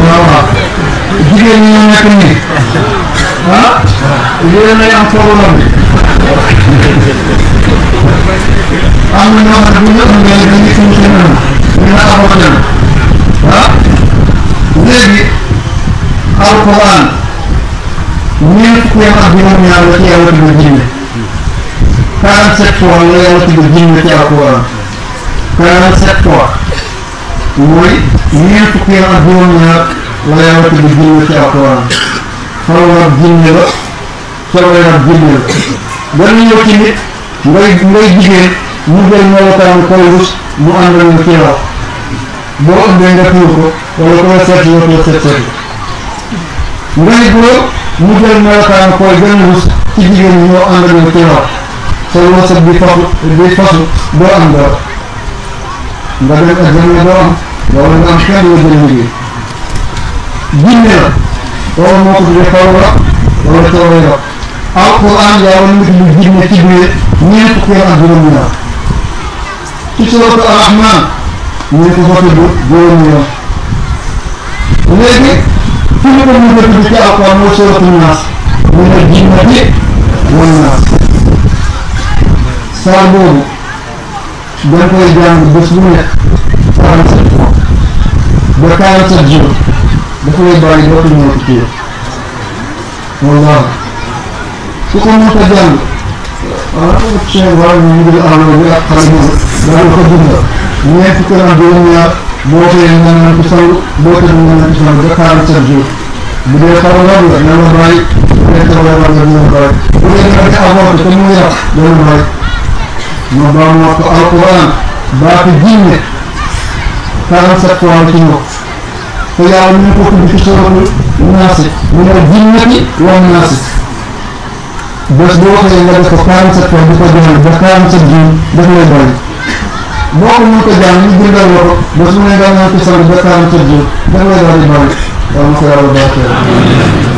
waaw waaw jigéen ñi ñoo nekk nii ah yéen a am problème am na ñoo xam ne bu ñu ëmbee dañuy suñ seen ëmb ñu la amoon dem ah léegi alquran ñeent fukk ak juróom-ñaar la ci yàlla tudd jinne 47 fois la yàlla tudd jinne ci alquran 47 fois mooy ñeent fukki ak juróom-ñaar la yàlla tudd jinne ci alquran xaralaat jinne la cawlaat jinne la dana ñëw ci nit ngay ngay jigéen mu jël melokaanu koyrus mu ànd ak ñu teewa boo ëndee nga tuur wala ko la seet yoo ko seet seet ngay góor mu jël melokaanu koy gën a rus ci jigéen ñi ñoo ànd ak ñu teewa sa wërsëg bi fasu bi fasu doo am nga dem ajjana doom wala nga am xeet yu bëri liggéey jinne booba moo ko tuddee xaw rab wala coowee rab nit lu jinne ci biir ñeent fukki ak juróomi yoon ci arrahman ñu ko fa tudd juróomi yoon léegi fi ñu ko mën a tudd ci alquran mooy suratu naas mu ne saar boobu da koy jàng bés bu nekk quarante sept fois ba quarante sept jours dafa lay bàyyi dootu ñëwati ci yow wallaahi su ko mënta jàng ah Sénégal ñu ngi jël àll bi ak xale boobu daal ko dundal ñeent fukki at juróom-ñaar boo tee nga naan ko saw boo tee nga naan ko saw ba quarante sept jours bu dee xaw a la na la bàyyi bu dee xaw a la nga dina bàyyi bu dee nga avorté te mu yàq dana bàyyi ma baamuwaat ko alquran baati jinne 47 fois ci ñëw te yàlla ñu ko tudd ci suratu naasi mu ne jinnati wa naasi bés bu waxee nga def ko 47 fois di ko jàng ba 47 jiw daf lay doy boo ko mën ko jàng ñu bindal la ko bés bu ne nga naan ci sori ba 47 jiw daf lay doy di doy yàlla na ko yàlla barkeel